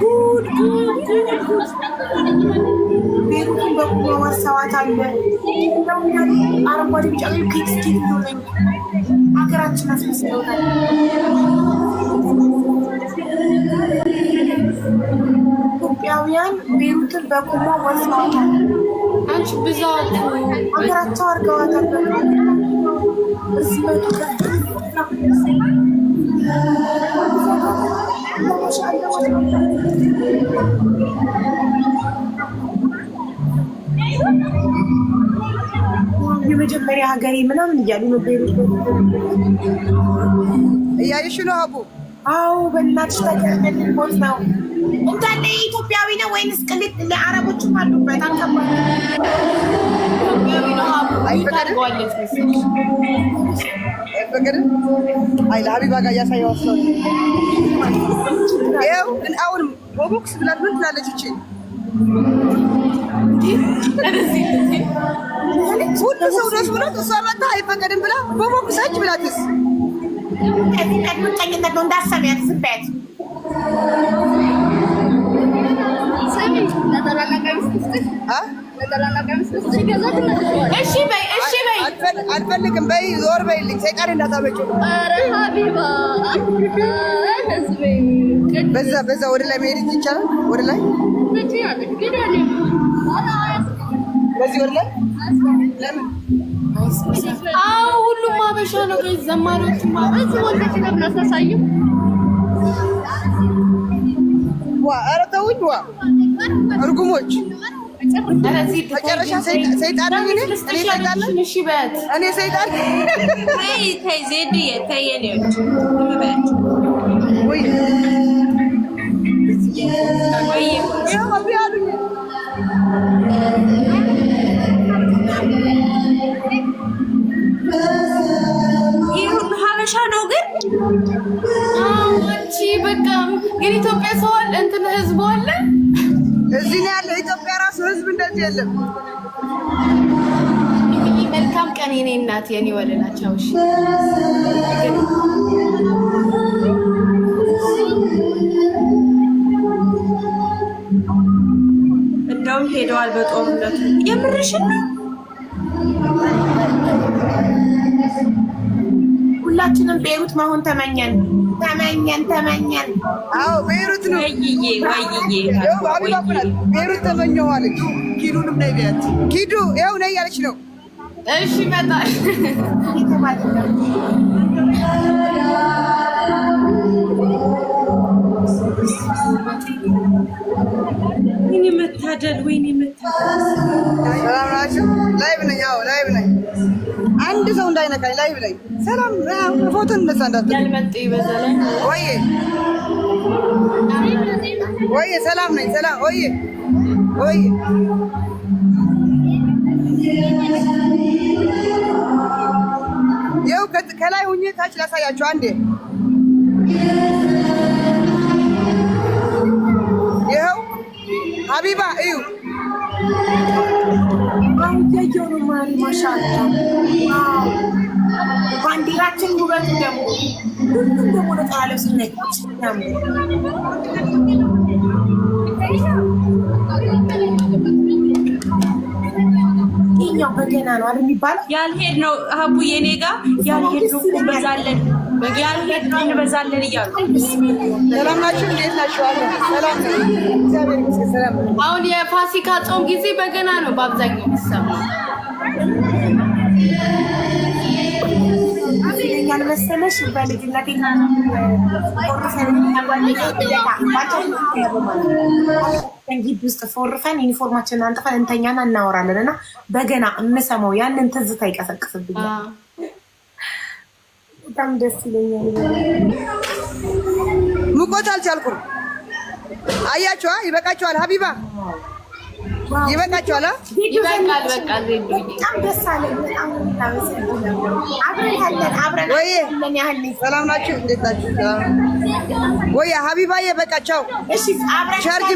ጉድ ጉድ ጉድ ጉድ ቤሩትን በቁመ ወሰዋት አለ አረንጓዴ ቢጫ ኬክስ ኬክ ሆነኝ ሀገራችን አስመስለውታል። ኢትዮጵያውያን ቤሩትን በቁመ ወሰዋታል። አንቺ ብዛቱ ሀገራቸው አድርገዋታል። የመጀመሪያ ሀገሬ ምናምን እያሉ ነበር እያየሽ ነው አቡ አዎ በእናትሽ ታገርመልቦት ነው እንዳለ ኢትዮጵያዊ ነው ወይንስ ቅልጥ ለአረቦችም አሉበት አልከባድ አይፈቀድም አይ ለሀቢባ ጋር እያሳየዋት ነው ያው አሁን ቦቦክስ ብላት ምን ትላለች? እቺ ሁሉ ሰው ደስ ብሎት እሷ መታ አይፈቀድም ብላ ቦቦክሳች ብላትስ ምቀኝነት እንዳሰሚያት ስበት ነጠላና ቀሚስ ገዛት አልፈልግም በይ ዞር በይልኝ። ሰይጣን እንዳታበቂ ኧረ ሀቢባ ህዝቤ፣ በዛ በዛ ወደ ላይ መሄድ ይቻላል። ወደ ላይ በዚህ ወደ ላይ ለምን? አዎ ሁሉም አበሻ ነው። ዘማሪዎች ማለት ወንዶች ለምን አሳሳይም? ዋ ኧረ ተውኝ። ዋ እርጉሞች መጨረሻ ሀበሻ ነው ግን አንቺ በቃ ግን ኢትዮጵያ ሰው አለ እንትን ህዝቡ አለ እዚህ ነው ያለው የለም። መልካም ቀን የኔ እናት፣ የኔ ወለላቸው እንደውም ሄደዋል በጦርነቱ። የምርሽን ነው ሁላችንም ቤሩት መሆን ተመኘን ተመኘን ተመኘን። አዎ ቤሩት ነው። ወይዬ ወይዬ ቤሩት ተመኘሁ አለች። ኪዱንም ነይ ቢያት ኪዱ ይኸው ነይ ያለች ነው። እሺ ይመጣል ወይኔ መታደል፣ ወይኔ መታደል አንድ ሰው እንዳይነካኝ ላይ ብላይ ሰላም ፎቶ እነሳ እንዳት ወይ ሰላም ነኝ ሰላም ወይ ወይ ይኸው ከላይ ሁኜ ታች ላሳያችሁ አንዴ ይኸው ሀቢባ እዩ እያየሁ ነው ማሪ ማሻላ ባንዲራችን ውበት ደግሞ ሁሉም ደግሞ ለቃለም ስናይ ይኸኛው በገና ነው አይደል የሚባለው? ያልሄድ ነው ሀቡ የኔ ጋ ያልሄድ ነው እንበዛለን፣ ያልሄድ ነው እንበዛለን እያሉ ሰላም ናችሁ? እንዴት ናችሁ? ሰላም ነው እግዚአብሔር አሁን የፋሲካ ጾም ጊዜ በገና ነው በአብዛኛው የሚሰማው። ያልመሰለሽ በልጅነቴ ግቢ ውስጥ ፎርፈን ዩኒፎርማችንን አንጥፈን እንተኛና እናወራለን እና በገና የምሰማው ያንን ትዝታ ይቀሰቅስብኛል። በጣም ደስ ይለኛል። ሙቆት አልቻልኩም። አያችኋ? ይበቃችኋል። ሀቢባ ይበቃችኋል። ሰላም ናችሁ? እንዴት ናችሁ? ወይ ሀቢባዬ በቃቸው ቻርጅ